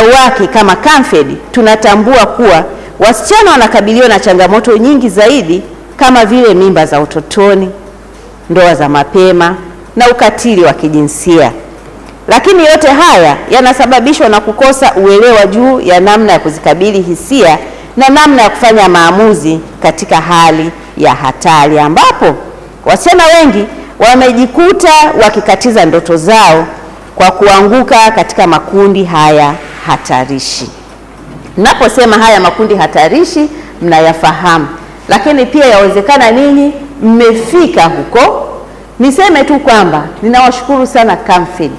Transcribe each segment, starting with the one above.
wadau wake kama Camfed tunatambua kuwa wasichana wanakabiliwa na changamoto nyingi zaidi kama vile mimba za utotoni, ndoa za mapema na ukatili wa kijinsia. Lakini yote haya yanasababishwa na kukosa uelewa juu ya namna ya kuzikabili hisia na namna ya kufanya maamuzi katika hali ya hatari, ambapo wasichana wengi wamejikuta wakikatiza ndoto zao kwa kuanguka katika makundi haya hatarishi. Naposema haya makundi hatarishi mnayafahamu, lakini pia yawezekana ninyi mmefika huko. Niseme tu kwamba ninawashukuru sana Camfed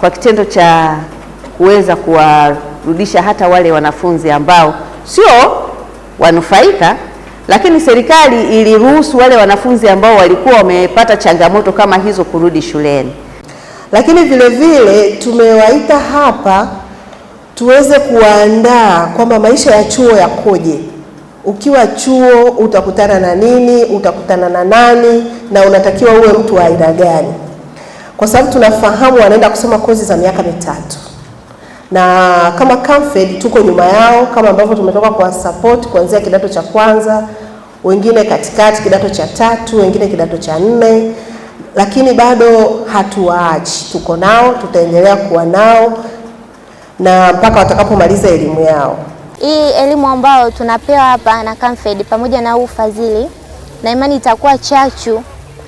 kwa kitendo cha kuweza kuwarudisha hata wale wanafunzi ambao sio wanufaika, lakini serikali iliruhusu wale wanafunzi ambao walikuwa wamepata changamoto kama hizo kurudi shuleni. Lakini vile vile tumewaita hapa tuweze kuwaandaa kwamba maisha ya chuo yakoje. Ukiwa chuo utakutana na nini, utakutana na nani, na unatakiwa uwe mtu wa aina gani, kwa sababu tunafahamu wanaenda kusoma kozi za miaka mitatu na kama Camfed tuko nyuma yao, kama ambavyo tumetoka kwa support kuanzia kidato cha kwanza, wengine katikati kidato cha tatu, wengine kidato cha nne, lakini bado hatuwaachi, tuko nao, tutaendelea kuwa nao na mpaka watakapomaliza elimu yao. Hii elimu ambayo tunapewa hapa na Camfed pamoja na ufadhili na imani itakuwa chachu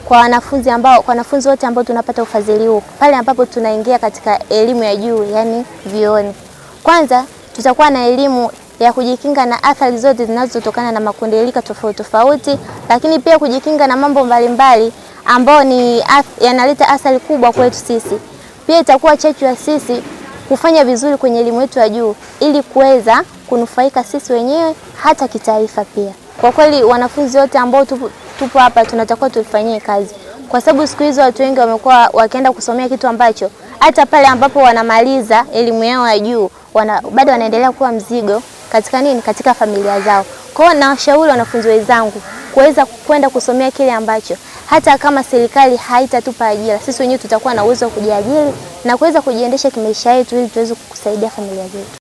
kwa wanafunzi ambao kwa wanafunzi wote ambao tunapata ufadhili huu pale ambapo tunaingia katika elimu ya juu, yani vioni. Kwanza tutakuwa na elimu ya kujikinga na athari zote zinazotokana na makundi tofauti tofauti, lakini pia kujikinga na mambo mbalimbali ambayo ni yanaleta athari kubwa kwetu sisi. Pia itakuwa chachu ya sisi kufanya vizuri kwenye elimu yetu ya juu ili kuweza kunufaika sisi wenyewe hata kitaifa pia. Kwa kweli wanafunzi wote ambao tupo, tupo hapa tunatakiwa tufanyie kazi, kwa sababu siku hizi watu wengi wamekuwa wakienda kusomea kitu ambacho hata pale ambapo wanamaliza elimu yao ya juu wana, bado wanaendelea kuwa mzigo katika nini, katika familia zao. Kwa hiyo nawashauri wanafunzi wenzangu kuweza kwenda kusomea kile ambacho hata kama serikali haitatupa ajira, sisi wenyewe tutakuwa na uwezo wa kujiajiri na kuweza kujiendesha kimaisha yetu ili tuweze kusaidia familia zetu.